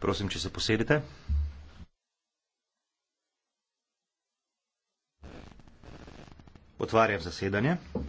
Prosim, če se posedite. Otvarjam zasedanje.